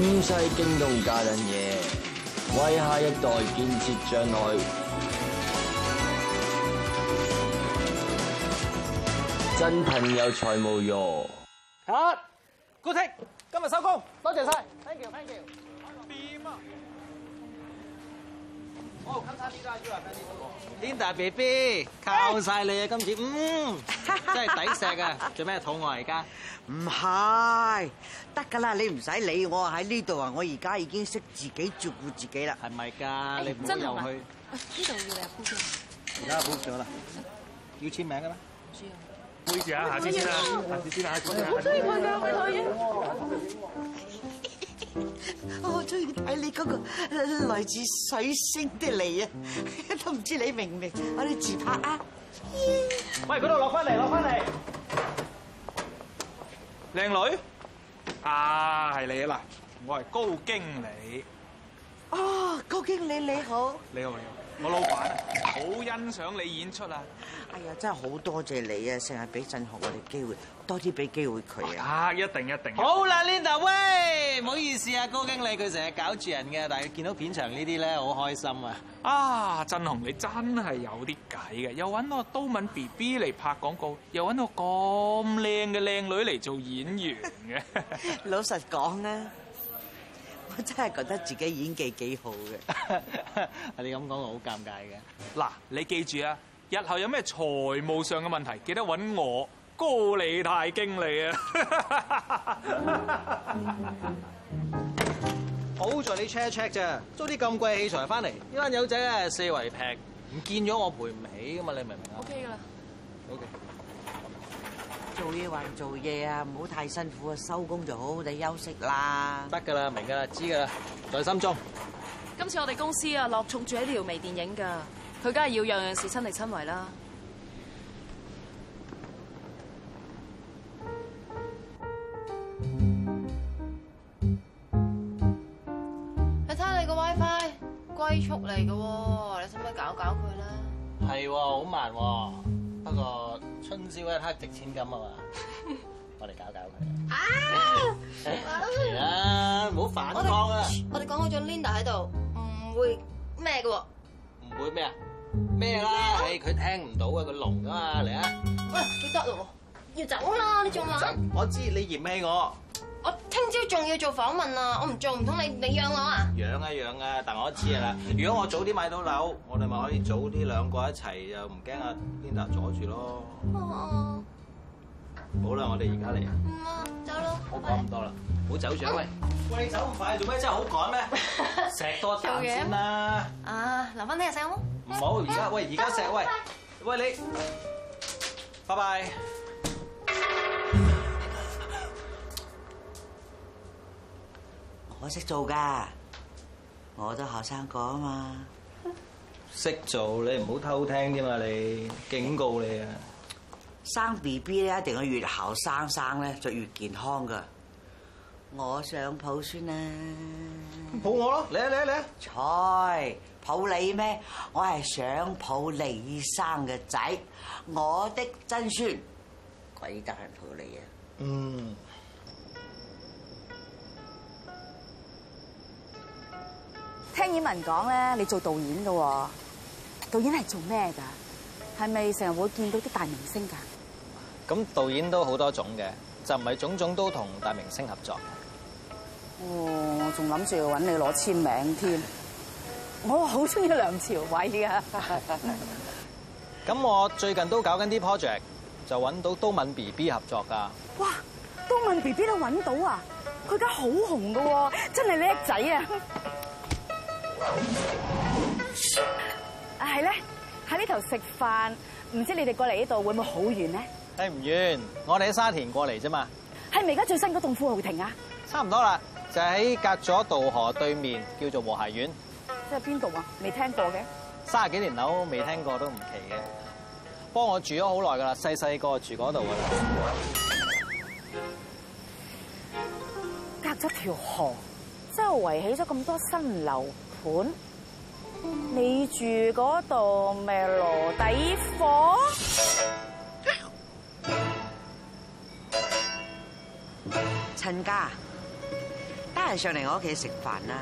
唔使驚動家人嘢，為下一代建設將來，真朋友財務。好 cut 今日收工，多謝晒。Thank you, thank you. Linda baby，靠曬你啊！今次嗯，真係抵錫啊！做咩肚餓而家？唔係，得噶啦，你唔使理我喺呢度啊！我而家已經識自己照顧自己啦。係咪噶？你唔好入去。喂，呢度要嚟啊！而家好咗啦，要簽名噶咩？唔知啊。唔好意思啊，下次先啊，下次先啊。好中意佢㗎，佢可以。我中意睇你嗰個來自水星的你啊，都唔知你明唔明？我哋自拍啊！喂，嗰度落翻嚟，落翻嚟！靚女，啊係你啊。嗱，我係高經理。哦，高經理你好，你好。你好。我老闆好欣賞你演出啊！哎呀，真係好多謝你啊！成日俾振雄我哋機會，多啲俾機會佢啊，啊！一定一定！好啦，嗯，Linda，喂，唔好意思啊，高經理佢成日搞住人嘅，但係見到片場呢啲咧，好開心啊！啊，振雄你真係有啲計嘅，又揾我都敏 BB 嚟拍廣告，又揾到咁靚嘅靚女嚟做演員嘅。 老實講咧。我真係覺得自己演技幾好嘅， 你咁講我好尷尬嘅。嗱，你記住啊，日後有咩財務上嘅問題，記得揾我高利泰經理啊。 好在你 check 一 check 啫租啲咁貴器材翻嚟，呢班友仔啊四圍劈唔見咗，我賠唔起噶嘛？你明唔明啊？O K 噶啦，O K。Okay。做嘢還做嘢啊！唔好太辛苦啊，收工就好好地休息啦。得噶啦，明噶啦，知噶啦，在心中。今次我哋公司啊，落重注喺呢條微電影噶，佢梗係要樣樣事親力親為啦。你睇下你個 WiFi 龜速嚟噶，你使唔使搞搞佢啦？係，好慢喎。燒一派值錢咁啊嘛，我哋搞搞佢。啊！唔好 反抗啊！我哋講好咗，Linda 喺度，唔會咩嘅喎。唔會咩啊？咩啦？佢聽唔到啊，佢聾啊嘛，嚟啊！喂，佢得咯，要走啦，你仲問？我知你嫌棄我。我聽朝仲要做訪問啊！我唔做唔通你你養我啊？養啊養啊！但我知啦。如果我早啲買到樓，我哋咪可以早啲兩個一齊又唔驚阿 Linda 阻住咯。哦、啊。好啦，我哋而家嚟。啊。唔 啊，走咯。我講咁多啦，好走住喂。喂，你走咁快做咩？真係好趕咩？錫多啖先啦。啊，留翻聽日食好。唔好，而家喂，而家錫喂，喂你，拜拜。我識做噶，我都後生過啊嘛。識做，你唔好偷聽啫嘛，你警告你啊。生 B B 咧，一定要越後生生咧，就越健康噶。我想抱孫啊抱！抱我咯，嚟啊嚟啊嚟啊！菜抱你咩？我係想抱你生嘅仔，我的真孫，鬼得人抱你啊！嗯。聽演員講咧，你做導演噶導演係做咩噶係咪成日會見到啲大明星噶咁導演都好多種嘅，就唔係種種都同大明星合作嘅。哦，仲諗住要揾你攞簽名添，我好中意梁朝偉啊！咁 我最近都搞緊啲 project，就揾到都敏 B B 合作噶。哇，都敏 B B 都揾到啊！佢而家好紅噶，真係叻仔啊！ 啊係咧，喺呢頭食飯，唔知你哋過嚟呢度會唔會好遠咧？唔遠，我哋喺沙田過嚟啫嘛。係咪而家最新嗰棟富豪庭啊？差唔多啦，就喺、是、隔咗道河對面，叫做和諧苑。即係邊度啊？未聽過嘅，卅幾年樓未聽過都唔奇嘅。幫我住咗好耐噶啦，細細個住嗰度啊。隔咗條河，周圍起咗咁多新樓。盤，你住嗰度咩羅底貨？親家，得閒上嚟，我屋企食飯啦。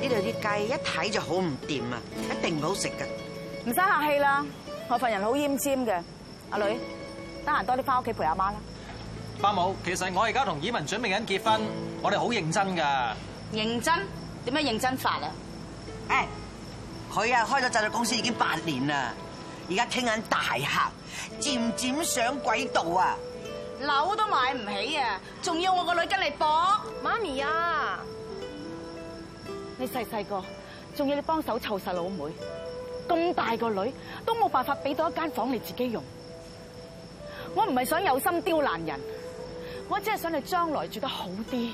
呢度啲雞一睇，就好唔掂啊，一定唔好食噶。唔使客氣啦，我份人好奄尖嘅。阿女，得閒多啲翻屋企陪阿媽啦。伯母，其實我而家同綺文準備緊結婚，我哋好認真噶。認真？點樣認真法啊？哎，佢啊開咗製作公司已經八年啦，而家傾緊大客，漸漸上軌道啊，樓都買唔起啊，仲要我個女跟你搏，媽咪啊，你細細個，仲要你幫手湊細佬妹，咁大個女都冇辦法俾到一間房間你自己用，我唔係想有心刁難人，我只係想你將來住得好啲。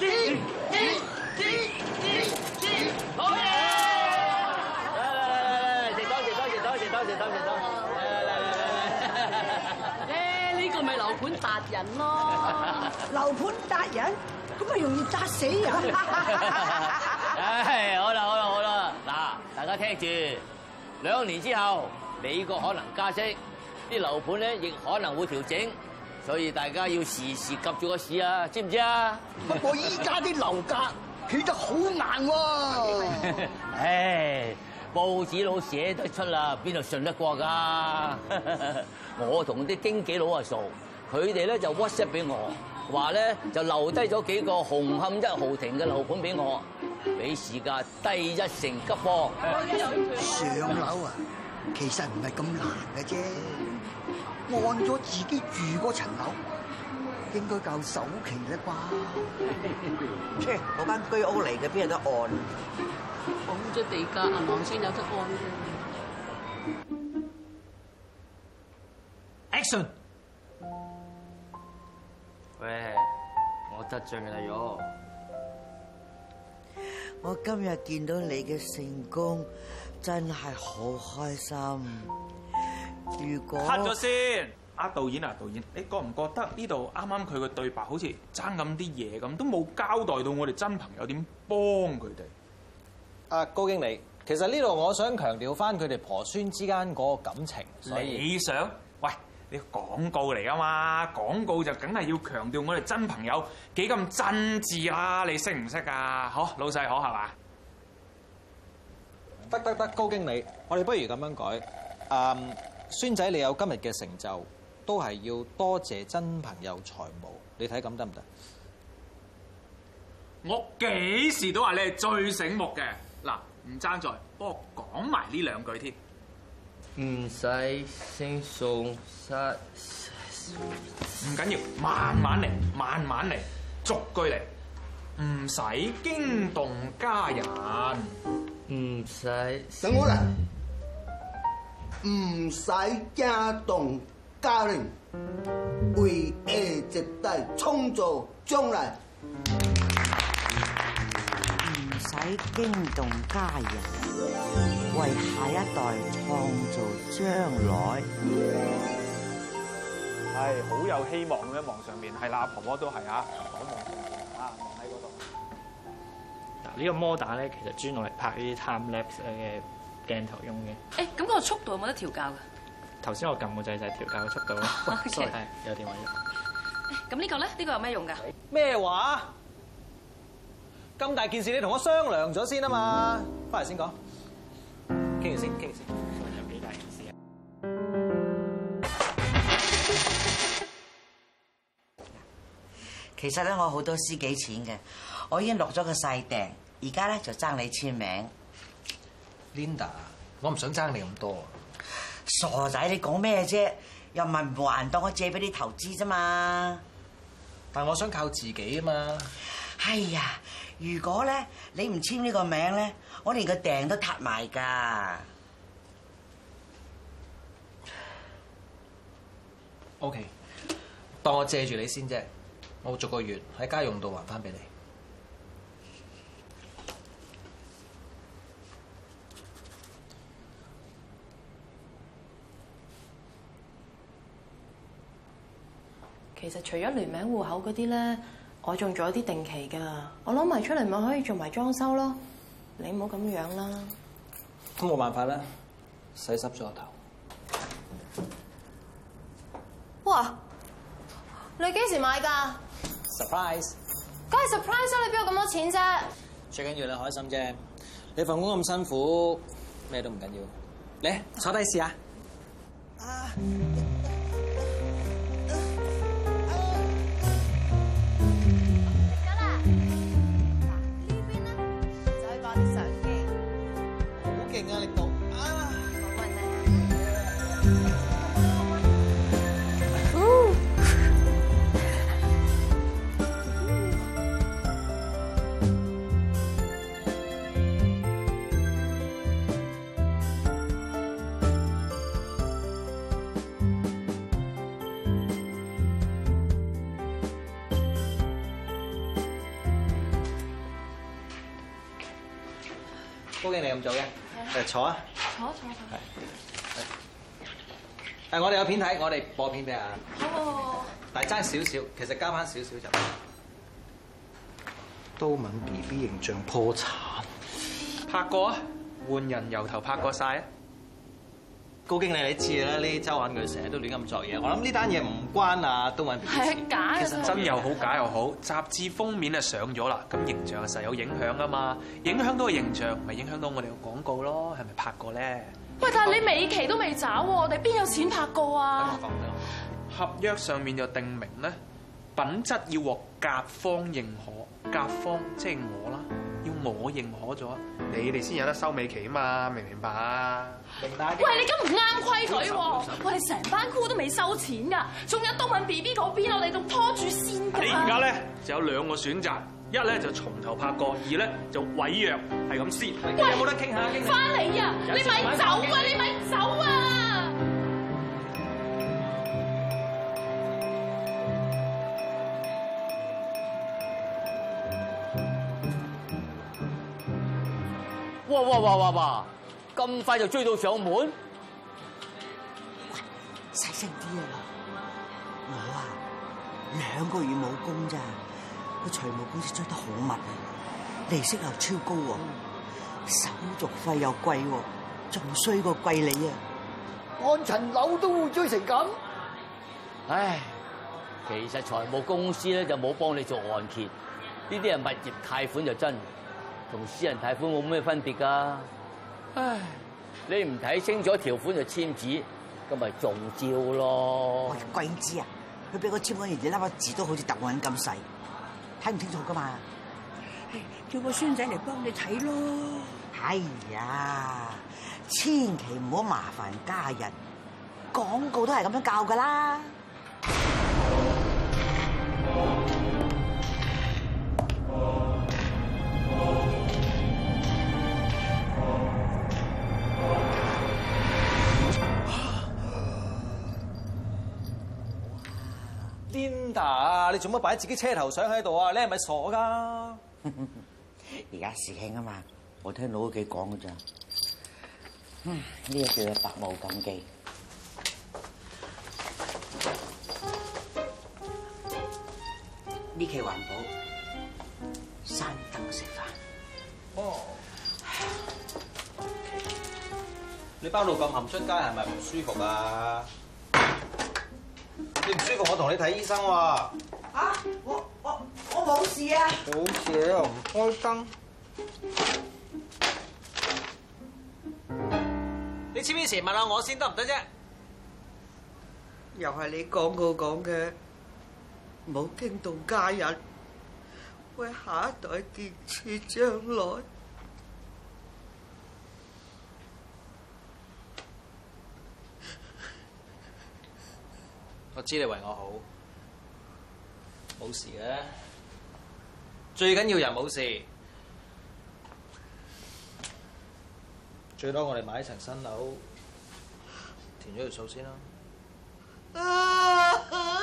好嘅！嚟嚟嚟嚟嚟，多謝多謝多謝多謝多謝多謝多！誒，呢個咪樓盤達人咯，樓盤達人，咁咪容易扎死人。哎，好啦好啦好啦，嗱，大家聽住，兩年之後，美國可能加息，啲樓盤咧亦可能會調整。所以大家要時時睇住個市啊，知唔知啊？不過依家啲樓價企得好難喎。唉，報紙佬寫得出啦，邊度信得過㗎？ 我同啲經紀佬啊熟，佢哋咧就 WhatsApp 俾我，話咧就留低咗幾個紅磡一豪庭嘅樓盤俾我，比市價低一成急噃上樓啊！其實唔係咁難嘅啫，按咗自己住嗰層樓，應該夠首期啦啩？切，嗰間居屋嚟嘅邊有得按？降咗地價，銀行先有得按啫。Action！喂，我得罪你啦，我今日見到你嘅成功。真係好開心。如果，黑咗先。阿導演啊，導演，你覺唔覺得呢度啱啱佢嘅對白好似爭咁啲嘢咁，都冇交代到我哋真朋友點幫佢哋。阿高經理，其實呢度我想強調翻佢哋婆孫之間嗰個感情。你想？喂，你廣告嚟噶嘛？廣告就梗係要強調我哋真朋友幾咁真摯啦，你識唔識啊？好，老細好係嘛？得得得，高經理，我哋不如咁樣改。誒，um，孫仔，你有今日嘅成就，都係要多謝真朋友財務。你睇咁得唔得？我幾時都話你係最醒目嘅，嗱，唔爭在，不過講埋呢兩句添。唔使聲送失，唔緊要，慢慢嚟，慢慢嚟，逐句嚟，唔使驚動家人。唔使等我嚟，唔使驚動家人，為下一代創造將來。唔使驚動家人，為下一代創造將來。係好有希望嘅，望上面係啦，婆婆都係啊，望啊，望喺嗰度。嗱，個摩呢個摩打咧，其實專用嚟拍呢啲 time lapse 嘅鏡頭用嘅。誒，咁個速度有冇得調教嘅？頭先我撳個掣就係調教個速度咯。係，oh, okay. 有電話喎。咁呢個咧，呢、這個有咩用㗎？咩話？咁大件事你同我商量咗先啊嘛，翻嚟先講。傾完先，傾完先。有幾大件事啊？ 其實咧，我好多私己錢嘅。我已經落咗個細訂，而家咧就爭你簽名。Linda，我唔想爭你咁多。傻仔，你講咩啫？又唔係唔還，當我借俾你投資啫嘛？但我想靠自己啊嘛。哎呀，如果咧你唔簽呢個名咧，我連個訂都撻埋㗎。OK，當我借住你先啫，我逐個月喺家用度還翻俾你。其實除咗聯名戶口嗰啲咧，我仲做啲定期噶，我攞埋出嚟咪可以做埋裝修咯。你唔好咁樣啦，都冇辦法啦，洗濕咗個頭。哇！你幾時買噶？surprise！梗係 surprise 啦，你邊有咁多錢啫？最緊要你開心啫，你份工咁辛苦，咩都唔緊要。你坐低試下。啊！高經理，你咁早嘅？坐啊的！坐坐坐。誒，我哋有片睇，我哋播片俾你啊。好，好，好。但爭少少，其實加返少少就得。都敏 BB，形象破產，拍過啊，換人由頭拍過曬。高經理你知啦，呢周玩佢成日都亂咁作嘢，我諗呢單嘢唔關阿都敏。係啊，假。其實真又好，假又好，雜誌封面啊上咗啦，咁形象實有影響啊嘛，影響到個形象，咪影響到我哋個廣告咯，係咪拍過咧？喂，但係你尾期都未找喎，我哋邊有錢拍過啊？合約上面就定明咧，品質要獲甲方認可，甲方即係我啦。要我認可咗，你哋先有得收尾期啊嘛，明唔明白？明白喂啊？明大嘅。喂、哎、你咁唔啱規矩喎，我哋成班箍都未收錢噶、啊，仲有都敏 B B 嗰邊，我哋仲拖住先、啊。你而家咧就有兩個選擇，一咧就從頭拍過，二咧就毀約，係咁先。決決你有冇得傾下啊？返嚟啊，你咪走啊！你咪走啊！哇哇哇哇哇！咁快就追到上門，喂細聲啲啊！我啊兩個月冇工咋，個財務公司追得好密啊，利息又超高喎，手續費又貴喎，仲衰過貴利啊！按層樓都會追成咁，唉，其實財務公司咧就冇幫你做按揭，呢啲係物業貸款就真。同私人貸款冇咩分別㗎，唉！你唔睇清楚條款就簽字，咁咪中招咯，哎。鬼知啊！佢俾我簽嗰陣時，粒粒字都好似答案咁細，睇唔清楚噶嘛，哎。叫個孫仔嚟幫你睇咯。哎呀，千祈唔好麻煩家人。廣告都係咁樣教㗎啦。啊 inda 啊！你做乜擺自己車頭相喺度啊？你係咪傻噶？而家時興啊嘛，我聽到屋企講噶咋？呢個叫做百無禁忌。呢期環保，慳電食飯。哦。你包到咁冚出街係咪唔舒服啊？你唔舒服，我同你睇醫生喎。嚇、啊！我我我冇事啊。冇事又、啊、唔開燈，你簽名前問下我，我先得唔得啫？又係你講過講嘅，冇驚動家人，為下一代建設將來。我知你為我好，冇事嘅，最緊要人冇事，最多我哋買一層新樓，填咗條數先啦。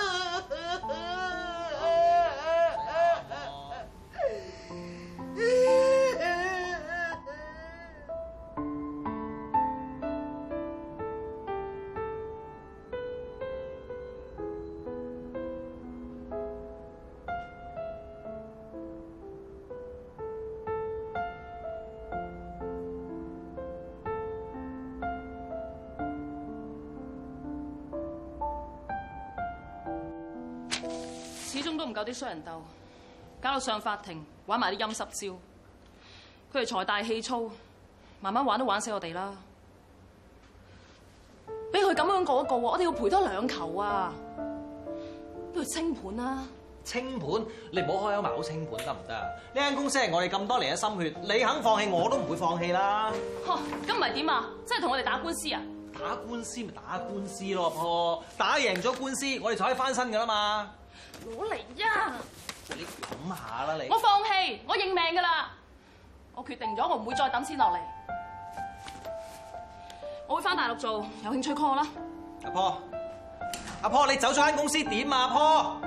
有啲衰人鬥，搞到上法庭玩埋啲陰濕招。佢哋財大氣粗，慢慢玩都玩死我哋啦。俾佢咁樣過一個，我哋要賠多兩球啊！不如清盤啊！清盤，你唔好開口埋口清盤得唔得啊？呢間公司係我哋咁多年嘅心血，你肯放棄，我都唔會放棄啦。吓、哦，咁唔係點啊？真係同我哋打官司啊？打官司咪打官司咯，阿婆！打贏咗官司，我哋就可以翻身噶啦嘛！攞嚟呀！你諗下啦，你我放棄，我認命噶啦！我決定咗，我唔會再抌錢落嚟。我會翻大陸做，有興趣 call 我啦，阿婆。阿婆，你走咗間公司點啊，阿婆？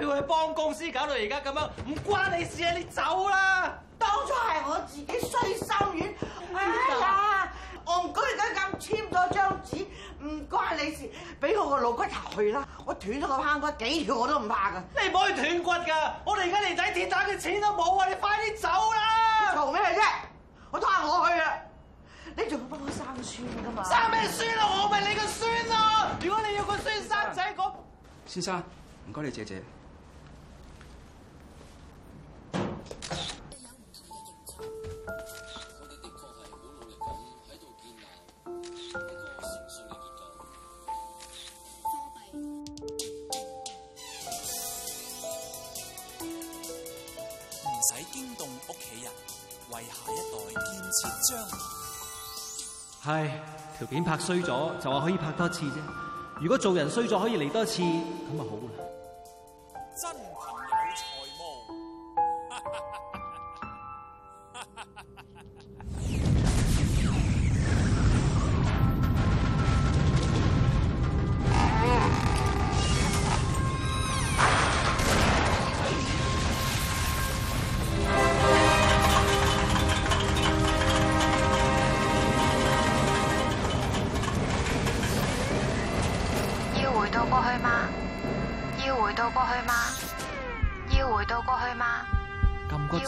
你去幫公司搞到而家咁樣，唔關你事啊！你走啦！當初係我自己衰心軟，哎呀！我居然咁簽咗張紙，唔關你事，俾我個老骨頭去啦！我斷咗個坑骨幾條我都唔怕噶，你唔可以斷骨噶！我哋而家連底跌打嘅錢都冇啊！你快啲走啦！求咩啫？我都係我去啊！你仲幫我生孫噶嘛？生咩孫啊？我咪你個孫啊！如果你要個孫生仔咁，先生唔該、那個、你借借。係條片拍衰咗，就話可以拍多次啫。如果做人衰咗，可以嚟多次，咁啊好啦。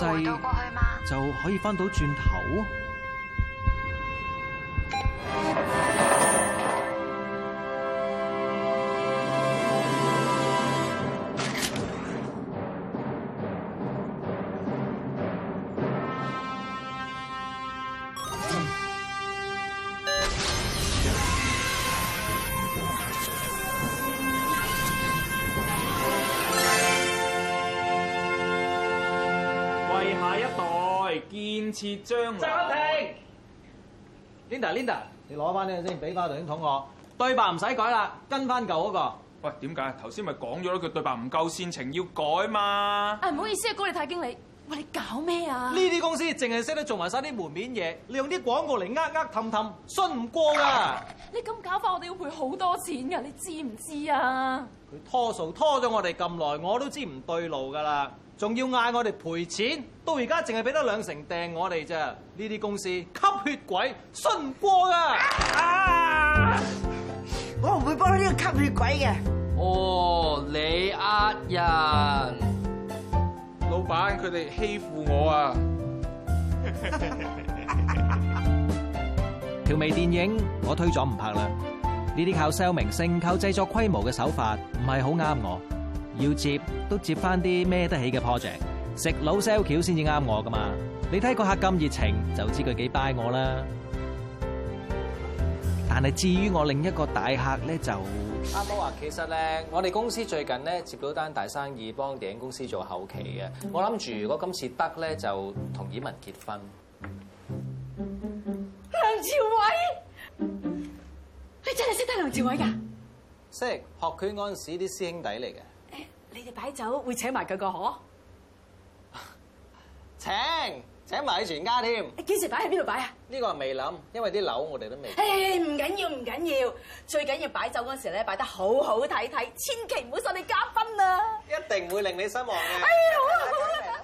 到過去嗎？就可以翻到轉頭。 建設將來。暫停。Linda，Linda，Linda，你攞翻呢個先，俾翻頭先捅我。我對白唔使改啦，跟翻舊嗰、那個。喂，點解？頭先咪講咗咯，佢對白唔夠煽情要改嘛。誒、哎，唔好意思啊，高利太經理，喂，你搞咩啊？呢啲公司淨係識得做埋晒啲門面嘢，你用啲廣告嚟呃呃氹氹，信唔過㗎。你咁搞法，我哋要賠好多錢㗎，你知唔知啊？佢拖數拖咗我哋咁耐，我都知唔對路㗎啦。仲要嗌我哋賠錢，到而家淨係俾得兩成掟我哋啫！呢啲公司吸血鬼信唔過噶，啊、我唔會幫呢個吸血鬼嘅。哦，你呃人，老闆佢哋欺負我啊！ 條微電影我推咗唔拍啦，呢啲靠 sell 明星、靠製作規模嘅手法唔係好啱我。要接都接翻啲孭得起嘅 project，食佬 sell 橋先至啱我噶嘛。你睇個客咁熱情，就知佢幾拜我啦。但係至於我另一個大客咧，就阿媽話其實咧，我哋公司最近咧接到單大生意，幫電影公司做後期嘅。我諗住如果今次得咧，就同以員結婚。梁朝偉，你真係識得梁朝偉噶？識，學佢嗰時啲師兄弟嚟嘅。你哋擺酒會請埋佢個可？請請埋你全家添。幾時擺喺邊度擺啊？呢個未諗，因為啲樓我哋都未。誒唔緊要唔緊要，最緊要擺酒嗰時咧擺得好好睇睇，千祈唔好信你加分啊！一定會令你失望嘅。哎好啊好啊好啊